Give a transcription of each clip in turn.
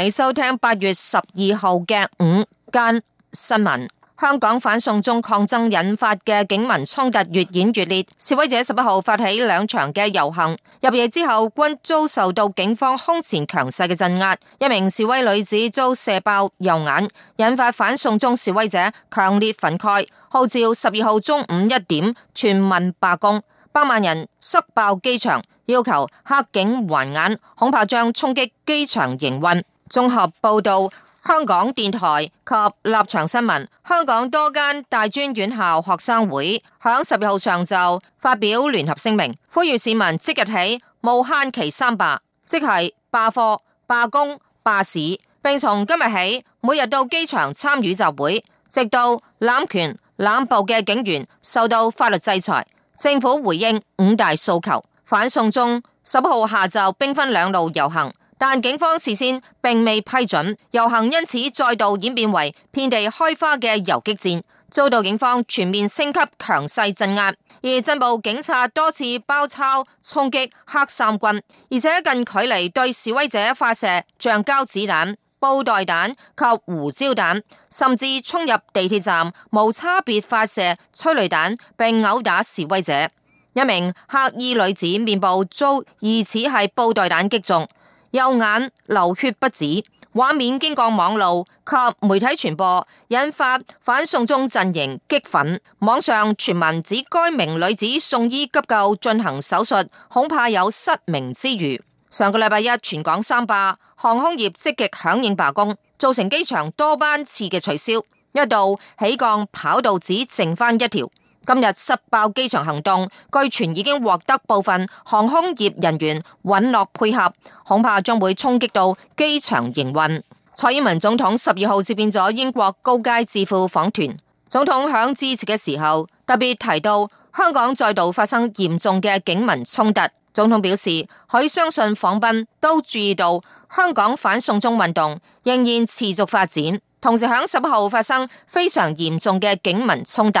你收聽八月十二號嘅午間新聞。香港反送中抗爭引發嘅警民衝突越演越烈，示威者十一號發起兩場嘅遊行，入夜之後均遭受到警方空前強勢嘅鎮壓。一名示威女子遭射爆右眼，引發反送中示威者強烈憤慨，號召十二號中午一點全民罷工，百萬人塞爆機場，要求黑警還眼，恐怕將衝擊機場營運。綜合報道，香港電台及立場新聞，香港多間大專院校學生會響十二號上晝發表聯合聲明，呼籲市民即日起無限期三罷，即係罷課、罷工、罷市，並從今日起每日到機場參與集會，直到濫權濫暴嘅警員受到法律制裁。政府回應五大訴求，反送中，十號下晝兵分兩路遊行。但警方事先並未批准遊行，因此再度演變為遍地開花嘅游擊戰，遭到警方全面升級強勢鎮壓。而鎮暴警察多次包抄、衝擊黑衫軍，而且近距離對示威者發射橡膠子彈、布袋彈及胡椒彈，甚至衝入地鐵站無差別發射催淚彈，並毆打示威者。一名黑衣女子面部遭疑似係布袋彈擊中。右眼流血不止，畫面經過網路及媒體傳播，引發反送中陣營激憤。網上傳聞指該名女子送醫急救進行手術，恐怕有失明之虞。上個禮拜一全港三罷，航空業積極響應罷工，造成機場多班次嘅取消，一度起降跑道只剩翻一條。今日塞爆機場行動，據傳已經獲得部分航空業人員允諾配合，恐怕將會衝擊到機場營運。蔡英文總統十二號接見咗英國高階智庫訪團，總統響致辭嘅時候特別提到，香港再度發生嚴重嘅警民衝突。總統表示佢相信訪賓都注意到香港反送中運動仍然持續發展，同時響十號發生非常嚴重嘅警民衝突。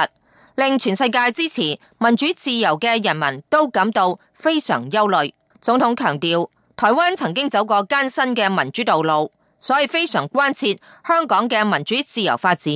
令全世界支持民主自由嘅人民都感到非常憂慮。總統強調，台灣曾經走過艱辛嘅民主道路，所以非常關切香港嘅民主自由發展。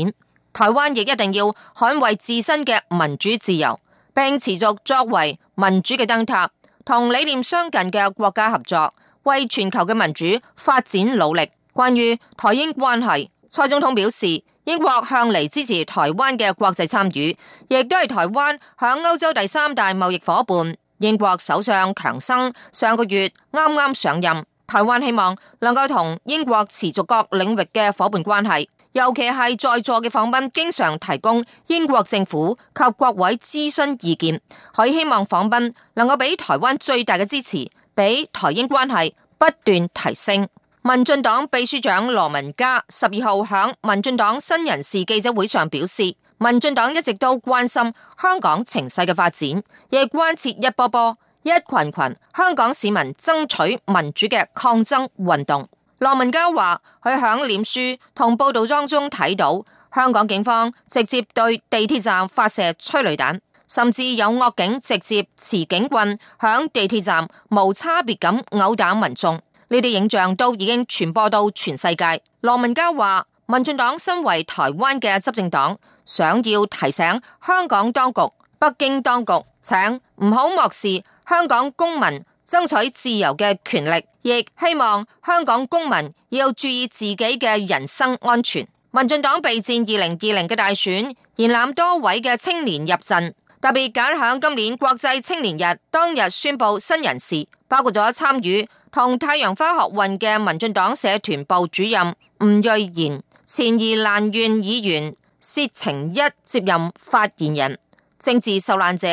台灣亦一定要捍衛自身嘅民主自由，並持續作為民主嘅燈塔，同理念相近嘅國家合作，為全球嘅民主發展努力。關於台英關係，蔡總統表示，英國向嚟支持台灣嘅國際參與，亦都係台灣響歐洲第三大貿易夥伴。英國首相強生上個月啱啱上任，台灣希望能夠同英國持續各領域嘅伙伴關係，尤其係在座嘅訪賓經常提供英國政府及各位諮詢意見，佢希望訪賓能夠俾台灣最大嘅支持，俾台英關係不斷提升。民進黨秘書長羅文嘉十二號響民進黨新人事記者會上表示，民進黨一直都關心香港情勢嘅發展，亦關切一波波、一群群香港市民爭取民主嘅抗爭運動。羅文嘉話，佢響臉書同報道當中睇到，香港警方直接對地鐵站發射催淚彈，甚至有惡警直接持警棍響地鐵站無差別咁毆打民眾。呢啲影像都已經傳播到全世界。羅文嘉話，民進黨身為台灣嘅執政黨，想要提醒香港當局、北京當局，請唔好漠視香港公民爭取自由嘅權利。亦希望香港公民要注意自己嘅人身安全。民進黨備戰二零二零嘅大選，延攬多位嘅青年入陣，特別揀響今年國際青年日當日宣布新人事，包括咗參與。同太陽花學運嘅民進黨社團部主任吳瑞賢、前宜蘭縣議員薛晴一接任發言人，政治受難者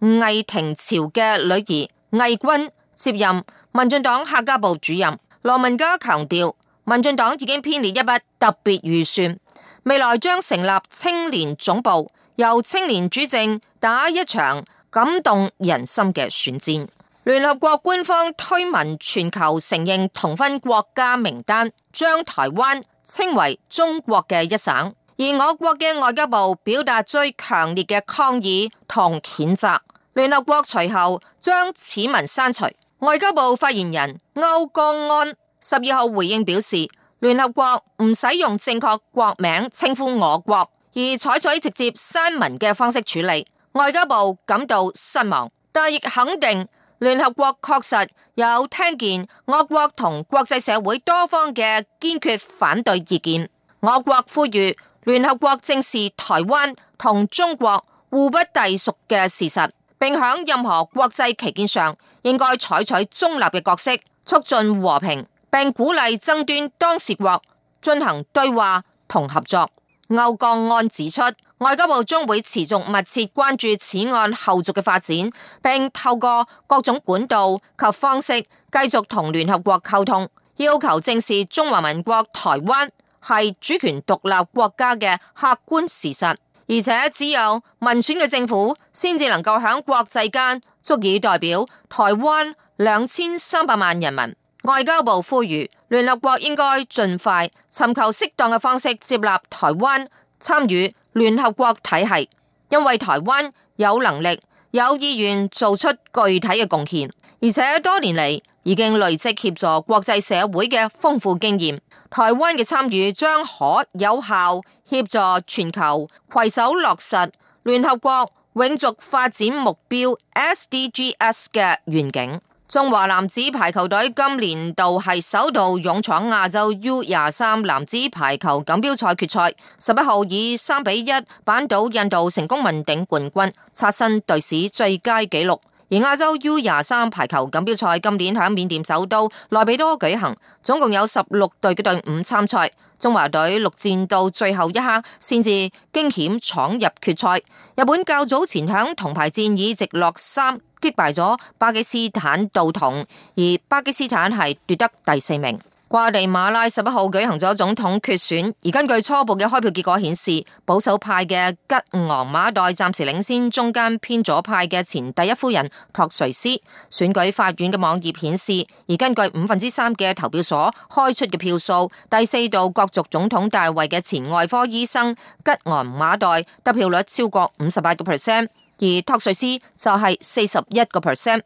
魏廷朝嘅女兒魏君接任。民進黨客家部主任羅文嘉強調，民進黨已經編列一筆特別預算，未來將成立青年總部，由青年主政，打一場感動人心嘅選戰。聯合國官方推文全球承認同分國家名單，將台灣稱為中國嘅一省，而我國嘅外交部表達最強烈嘅抗議同譴責。聯合國隨後將此文刪除。外交部發言人歐江安十二號回應表示，聯合國唔使用用正確國名稱呼我國，而採取直接刪文嘅方式處理。外交部感到失望，但亦肯定。聯合國確實有聽見我國同國際社會多方嘅堅決反對意見。我國呼籲聯合國正視台灣同中國互不隸屬嘅事實，並響任何國際旗艦上應該採取中立嘅角色，促進和平，並鼓勵爭端當事國進行對話同合作，歐江安指出。外交部將會持續密切關注此案後續嘅發展，並透過各種管道及方式繼續同聯合國溝通，要求正視中華民國台灣係主權獨立國家嘅客觀事實，而且只有民選嘅政府先至能夠喺國際間足以代表台灣兩千三百萬人民。外交部呼籲聯合國應該盡快尋求適當嘅方式接納台灣參與。聯合國體系，因為台灣有能力、有意願做出具體嘅貢獻，而且多年嚟已經累積協助國際社會嘅豐富經驗。台灣嘅參與將可有效協助全球攜手落實聯合國永續發展目標 （SDGs） 嘅願景。中華男子排球隊今年度係首度勇闖亞洲 U 廿三男子排球錦標賽決賽，十一號以三比一扳倒印度，成功問鼎冠軍，刷新隊史最佳紀錄。而亞洲 U 廿三排球錦標賽今年喺緬甸首都內比多舉行，總共有十六隊嘅隊伍參賽，中華隊六戰到最後一刻先至驚險闖入決賽。日本較早前響銅牌戰以直落三。擊敗咗巴基斯坦道統，而巴基斯坦係奪得第四名。瓜地馬拉十一號舉行咗總統決選，而根據初步嘅開票結果顯示，保守派嘅吉昂馬代暫時領先中間偏左派嘅前第一夫人托瑞斯。選舉法院嘅網頁顯示，而根據五分之三嘅投票所開出嘅票數，第四度角逐總統大位嘅前外科醫生吉昂馬代得票率超過五十八個 percent。而托瑞斯就係四十一個 percent。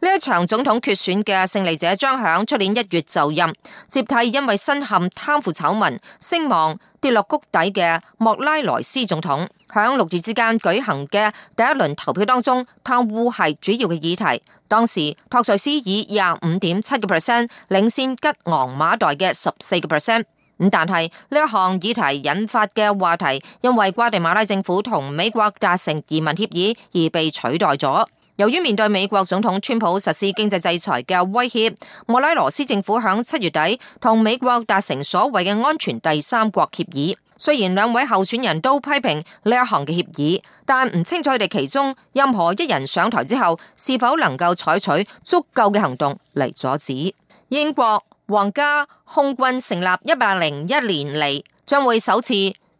呢一場總統決選嘅勝利者將響出年一月就任接替，因為身陷貪腐醜聞，聲望跌落谷底嘅莫拉萊斯總統。響六月之間舉行嘅第一輪投票當中，貪污係主要嘅議題。當時托瑞斯以廿五點七個 percent 領先吉昂馬代嘅十四個 percent。咁但係呢一項議題引發嘅話題，因為瓜地馬拉政府同美國達成移民協議而被取代咗。由於面對美國總統川普實施經濟制裁嘅威脅，莫拉羅斯政府響七月底同美國達成所謂嘅安全第三國協議。雖然兩位候選人都批評呢一項嘅協議，但唔清楚佢哋其中任何一人上台之後是否能夠採取足夠嘅行動嚟阻止英國。皇家空軍成立一百零一年嚟，將會首次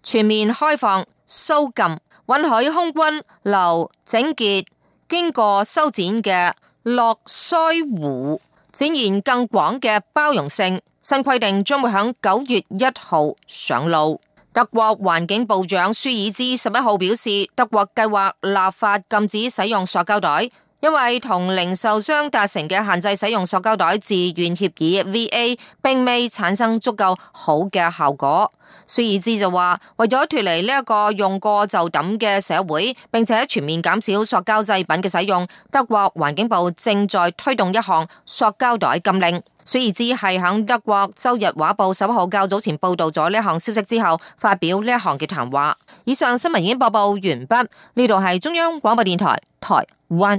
全面開放鬍禁，允許空軍留整潔經過修剪嘅落腮鬍，展現更廣嘅包容性。新規定將會喺九月一號上路。德國環境部長舒爾茲十一號表示，德國計劃立法禁止使用塑膠袋。因為同零售商達成嘅限制使用塑膠袋自願協議 （V.A.） 並未產生足夠好嘅效果，舒爾茲就話：為咗脫離呢一個用過就抌嘅社會，並且全面減少塑膠製品嘅使用，德國環境部正在推動一項塑膠袋禁令。舒爾茲係喺德國周日畫報十一號較早前報道咗呢一項消息之後發表呢一項嘅談話。以上新聞已經播報完畢，呢度係中央廣播電台台灣。